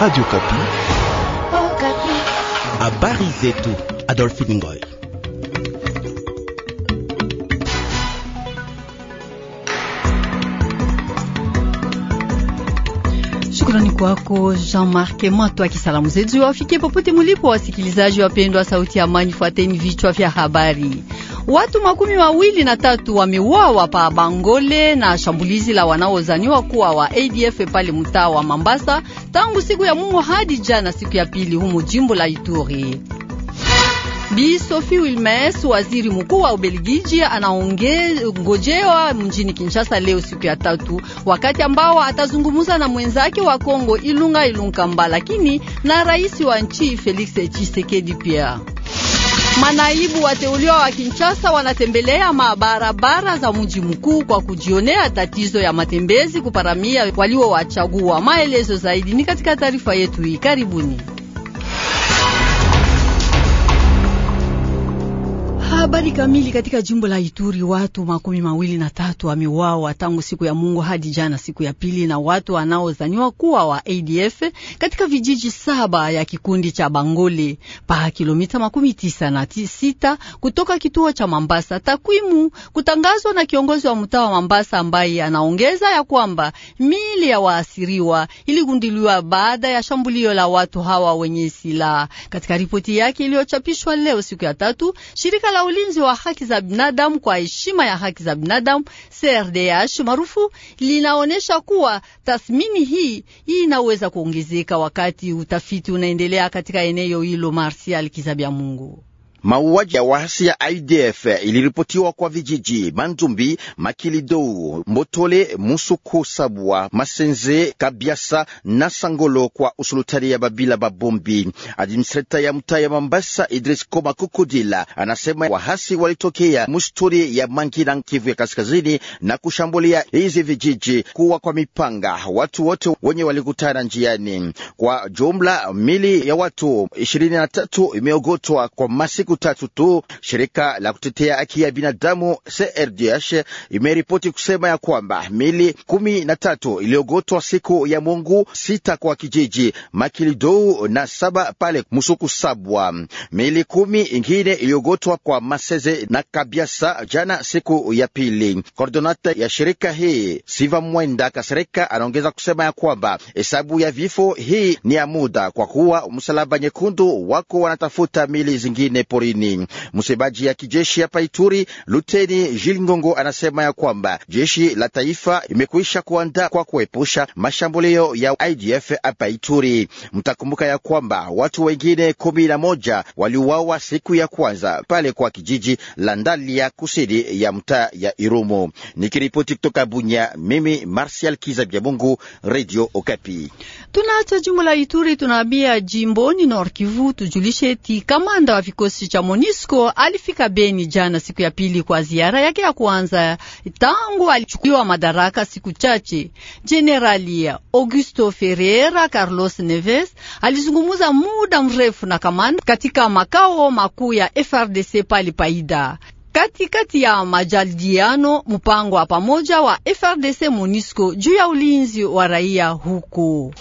Radio Kapi. Oh, Kapi. Habari zetu Adolphine Ngoy. Shukrani kwako Jean-Marc Mato, akisalamu zetu wafikie popote mulipo, wasikilizaji wapendwa, sauti ya amani. Fuateni vichwa vya habari. Watu makumi mawili na tatu wameuawa pa Bangole na shambulizi la wanaozaniwa kuwa wa ADF pale mtaa wa Mambasa tangu siku ya Mungu hadi jana siku ya pili humo jimbo la Ituri. Bi Sophie Wilmes, waziri mkuu wa Ubelgiji, anaongojewa mjini Kinshasa leo siku ya tatu, wakati ambao atazungumza na mwenzake wa Kongo Ilunga Ilunkamba, lakini na rais wa nchi Felix Tshisekedi pia. Manaibu wateuliwa wa Kinshasa wanatembelea mabarabara za mji mkuu kwa kujionea tatizo ya matembezi kuparamia walio wachagua. Maelezo zaidi ni katika taarifa yetu hii. Karibuni. Habari kamili katika jimbo la Ituri, watu makumi mawili na tatu wameuawa tangu siku ya Mungu hadi jana siku ya pili na watu wanaozaniwa kuwa wa ADF katika vijiji saba ya kikundi cha Bangole pa kilomita makumi tisa na sita kutoka kituo cha Mambasa. Takwimu kutangazwa na kiongozi wa mtaa wa Mambasa ambaye anaongeza ya kwamba miili ya waasiriwa iligunduliwa baada ya shambulio la watu hawa wenye silaha. Katika ripoti yake iliyochapishwa leo siku ya tatu, shirika la ulinzi wa haki za binadamu kwa heshima ya haki za binadamu CRDH maarufu linaonyesha kuwa tathmini hii inaweza kuongezeka wakati utafiti unaendelea katika eneo hilo. Marsial Kizabya Mungu. Mauaji ya waasi ya IDF iliripotiwa kwa vijiji mandumbi Makilidou, Mbotole, Musuku, Sabwa, Masenze, Kabiasa na Sangolo kwa usulutari ya Babila Babombi. Administrata ya mtaa ya Mambasa, Idris Koma Kukudila, anasema wahasi walitokea mustori ya Mangina, Kivu ya Kaskazini, na kushambulia hizi vijiji kuwa kwa mipanga watu wote wenye walikutana njiani. Kwa jumla mili ya watu ishirini na tatu imeogotwa kwa masiku siku tatu tu, shirika la kutetea haki ya binadamu CRDH imeripoti kusema ya kwamba mili kumi na tatu iliyogotwa siku ya Mungu, sita kwa kijiji Makilidou na saba pale Musuku Sabwa, mili kumi ingine iliyogotwa kwa Maseze na Kabiasa jana siku ya pili. Koordinata ya shirika hii Siva Mwenda Kasereka anaongeza kusema ya kwamba hesabu ya vifo hii ni ya muda, kwa kuwa msalaba nyekundu wako wanatafuta mili zingine pole porini. Msemaji ya kijeshi hapa Ituri, Luteni Jil Ngongo, anasema ya kwamba jeshi la taifa imekwisha kuandaa kwa kuepusha mashambulio ya IDF hapa Ituri. Mtakumbuka ya kwamba watu wengine kumi na moja waliuawa siku ya kwanza pale kwa kijiji la Ndalia kusini ya mtaa ya Irumu. Nikiripoti kutoka Bunya, mimi Martial Kizabia Mungu, Radio Okapi. Tunaacha jimbo la Ituri, tunaambia jimboni Nord Kivu, tujulishe ti kamanda wa vikosi cha Monisco alifika Beni jana siku ya pili kwa ziara yake ya kwanza tangu alichukuliwa madaraka siku chache. Jenerali Augusto Ferreira Carlos Neves alizungumza muda mrefu na kamanda katika makao makuu ya FRDC pali Paida katikati ya majadiliano mpango wa pamoja wa FRDC Monisco juu ya ulinzi wa raia huko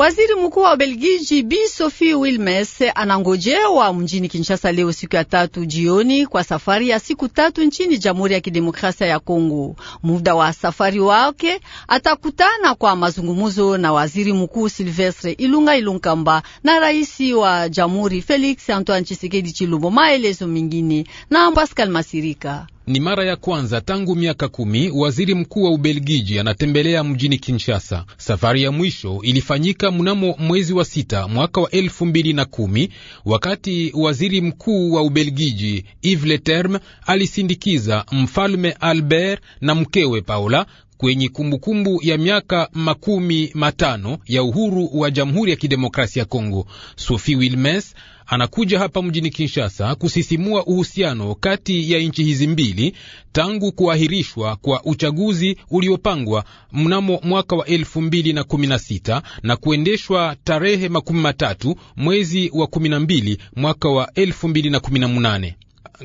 Waziri mkuu wa Ubelgiji Bi Sophie Wilmes anangojewa mjini Kinshasa leo siku ya tatu jioni kwa safari ya siku tatu nchini Jamhuri ya Kidemokrasia ya Kongo. Muda wa safari wake atakutana kwa mazungumzo na waziri mkuu Silvestre Ilunga Ilunkamba na rais wa Jamhuri Felix Antoine Tshisekedi Chilumbo. Maelezo mengine na Pascal Masirika. Ni mara ya kwanza tangu miaka kumi waziri mkuu wa Ubelgiji anatembelea mjini Kinshasa. Safari ya mwisho ilifanyika mnamo mwezi wa sita mwaka wa elfu mbili na kumi wakati waziri mkuu wa Ubelgiji Yves Leterme alisindikiza mfalme Albert na mkewe paula kwenye kumbukumbu kumbu ya miaka makumi matano ya uhuru wa Jamhuri ya Kidemokrasia ya Kongo. Sophie Wilmes anakuja hapa mjini Kinshasa kusisimua uhusiano kati ya nchi hizi mbili tangu kuahirishwa kwa uchaguzi uliopangwa mnamo mwaka wa elfu mbili na kumi na sita na kuendeshwa tarehe makumi matatu mwezi wa kumi na mbili mwaka wa elfu mbili na kumi na nane.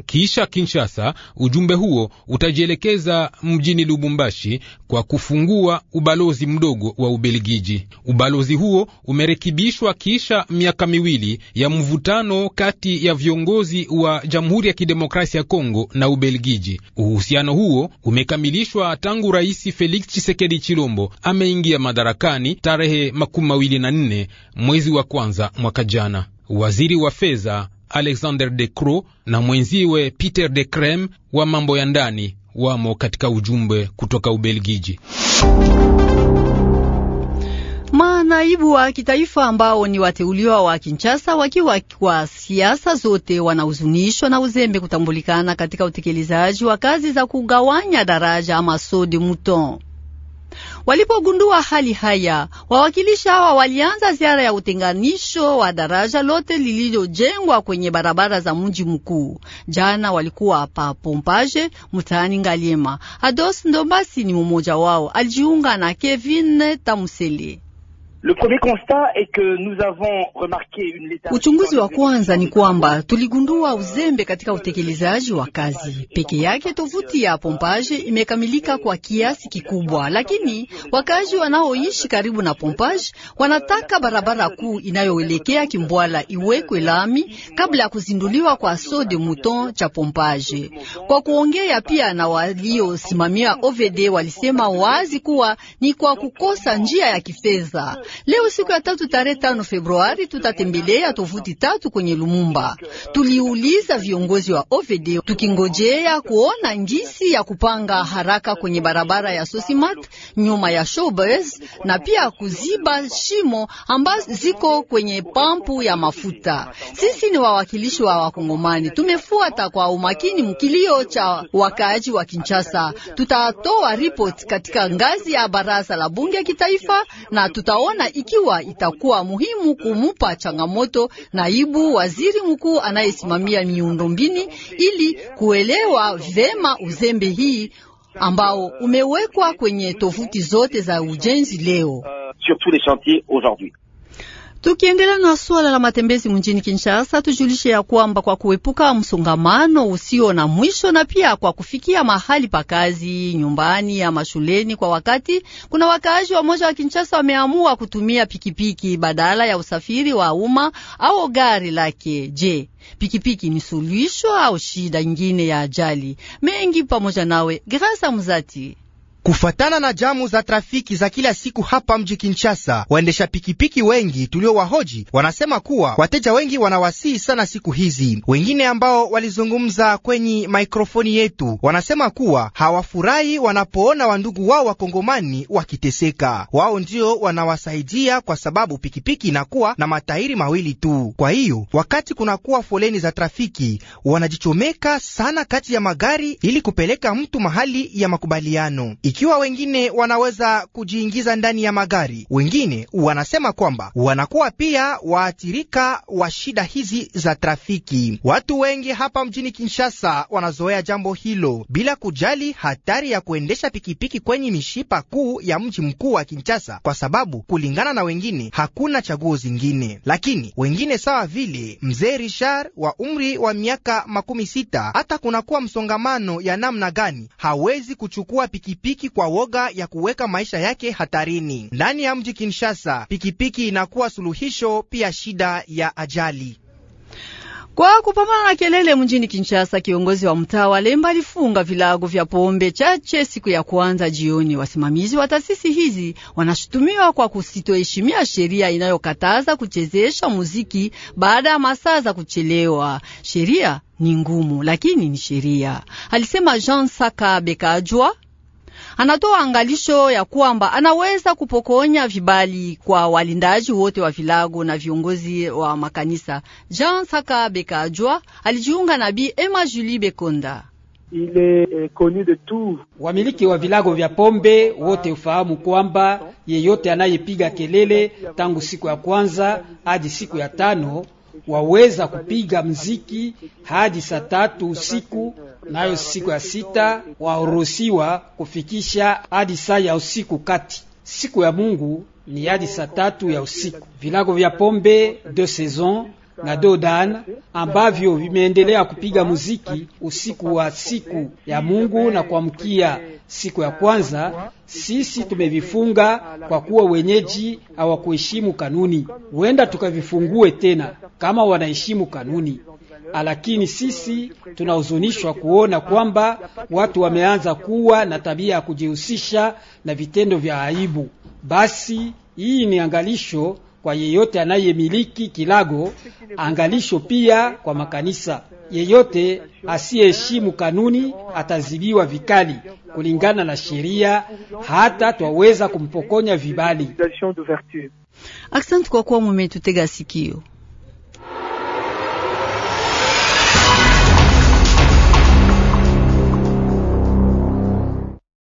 Kisha Kinshasa, ujumbe huo utajielekeza mjini Lubumbashi kwa kufungua ubalozi mdogo wa Ubelgiji. Ubalozi huo umerekebishwa kisha miaka miwili ya mvutano kati ya viongozi wa Jamhuri ya Kidemokrasia ya Kongo na Ubelgiji. Uhusiano huo umekamilishwa tangu Rais Felix Tshisekedi Chilombo ameingia madarakani tarehe makumi mawili na nne mwezi wa kwanza mwaka jana. Waziri wa fedha Alexander de Croo na mwenziwe Peter de Crem wa mambo ya ndani wamo katika ujumbe kutoka Ubelgiji. Manaibu wa kitaifa ambao ni wateuliwa wa Kinshasa wakiwa kwa siasa zote wanahuzunishwa na uzembe kutambulikana katika utekelezaji wa kazi za kugawanya daraja ama sodi Mouton. Walipogundua hali haya, wawakilishi hawa walianza ziara ya utenganisho wa daraja lote lililojengwa kwenye barabara za mji mkuu. Jana walikuwa pa Pompage mtaani Ngaliema. Ados Ndombasi ni mmoja wao, alijiunga na Kevin Tamusele. Uchunguzi wa kwanza ni kwamba tuligundua uzembe katika utekelezaji wa kazi peke yake. Tovuti ya pompaje imekamilika kwa kiasi kikubwa, lakini wakazi wanaoishi karibu na pompaje wanataka barabara kuu inayoelekea Kimbwala iwekwe lami kabla ya kuzinduliwa kwa sode mouton cha pompaje. Kwa kuongea pia na waliosimamia OVD, walisema wazi kuwa ni kwa kukosa njia ya kifedha Leo siku ya tatu tarehe tano Februari tutatembelea tovuti tatu kwenye Lumumba. Tuliuliza viongozi wa OVD tukingojea kuona ngisi ya kupanga haraka kwenye barabara ya Sosimat nyuma ya Showbirds na pia kuziba shimo ambazo ziko kwenye pampu ya mafuta. Sisi ni wawakilishi wa Wakongomani, tumefuata kwa umakini mkilio cha wakaaji wa Kinshasa. Tutatoa ripoti katika ngazi ya baraza la bunge ya kitaifa na tutaona kuona ikiwa itakuwa muhimu kumupa changamoto naibu waziri mkuu anayesimamia mbini ili kuelewa vema uzembe hii ambao umewekwa kwenye tovuti zote za ujenzi leo. Uh, Tukiendelea na suala la matembezi mjini Kinshasa, tujulishe ya kwamba kwa kuepuka msongamano usio na mwisho na pia kwa kufikia mahali pa kazi, nyumbani ama shuleni kwa wakati, kuna wakaaji moja wa Kinshasa wameamua kutumia pikipiki badala ya usafiri wa umma au gari lake. Je, pikipiki ni suluhisho au shida nyingine ya ajali mengi? Pamoja nawe Grasa Mzati. Kufatana na jamu za trafiki za kila siku hapa mji Kinshasa, waendesha pikipiki wengi tuliowahoji wanasema kuwa wateja wengi wanawasihi sana siku hizi. Wengine ambao walizungumza kwenye maikrofoni yetu wanasema kuwa hawafurahi wanapoona wandugu wao wakongomani wakiteseka. Wao ndio wanawasaidia kwa sababu pikipiki inakuwa na matairi mawili tu. Kwa hiyo wakati kunakuwa foleni za trafiki, wanajichomeka sana kati ya magari ili kupeleka mtu mahali ya makubaliano ikiwa wengine wanaweza kujiingiza ndani ya magari. Wengine wanasema kwamba wanakuwa pia waathirika wa shida hizi za trafiki. Watu wengi hapa mjini Kinshasa wanazoea jambo hilo bila kujali hatari ya kuendesha pikipiki kwenye mishipa kuu ya mji mkuu wa Kinshasa, kwa sababu kulingana na wengine hakuna chaguo zingine. Lakini wengine sawa vile mzee Richard wa umri wa miaka makumi sita, hata kunakuwa msongamano ya namna gani hawezi kuchukua pikipiki anashiriki kwa woga ya kuweka maisha yake hatarini. Ndani ya mji Kinshasa, pikipiki inakuwa suluhisho pia shida ya ajali. Kwa kupambana na kelele mjini Kinshasa, kiongozi wa mtaa wa Lemba alifunga vilago vya pombe chache siku ya kwanza jioni. Wasimamizi wa taasisi hizi wanashutumiwa kwa kusitoheshimia sheria inayokataza kuchezesha muziki baada ya masaa za kuchelewa. Sheria ni ngumu, lakini ni sheria, alisema Jean Saka Bekajwa, anatoa angalisho ya kwamba anaweza kupokonya vibali kwa walindaji wote wa vilago na viongozi wa makanisa. Jean Saka Bekajwa alijiunga na Bi Emma Julie Bekonda. Euh, Wamiliki wa vilago vya pombe wote ufahamu kwamba yeyote anayepiga kelele tangu siku ya kwanza hadi siku ya tano waweza kupiga mziki hadi saa tatu usiku, nayo siku ya sita waruhusiwa kufikisha hadi saa ya usiku kati. Siku ya Mungu ni hadi saa tatu ya usiku. Vilago vya pombe de saison na Dodan ambavyo vimeendelea kupiga muziki usiku wa siku ya Mungu na kuamkia Siku ya kwanza sisi tumevifunga kwa kuwa wenyeji hawakuheshimu kanuni. Huenda tukavifungue tena kama wanaheshimu kanuni, lakini sisi tunahuzunishwa kuona kwamba watu wameanza kuwa na tabia ya kujihusisha na vitendo vya aibu. Basi hii ni angalisho kwa yeyote anayemiliki kilago, angalisho pia kwa makanisa. Yeyote asiyeheshimu kanuni atazibiwa vikali kulingana na sheria, hata twaweza kumpokonya vibali. Asante kwa kuwa mumetutega sikio.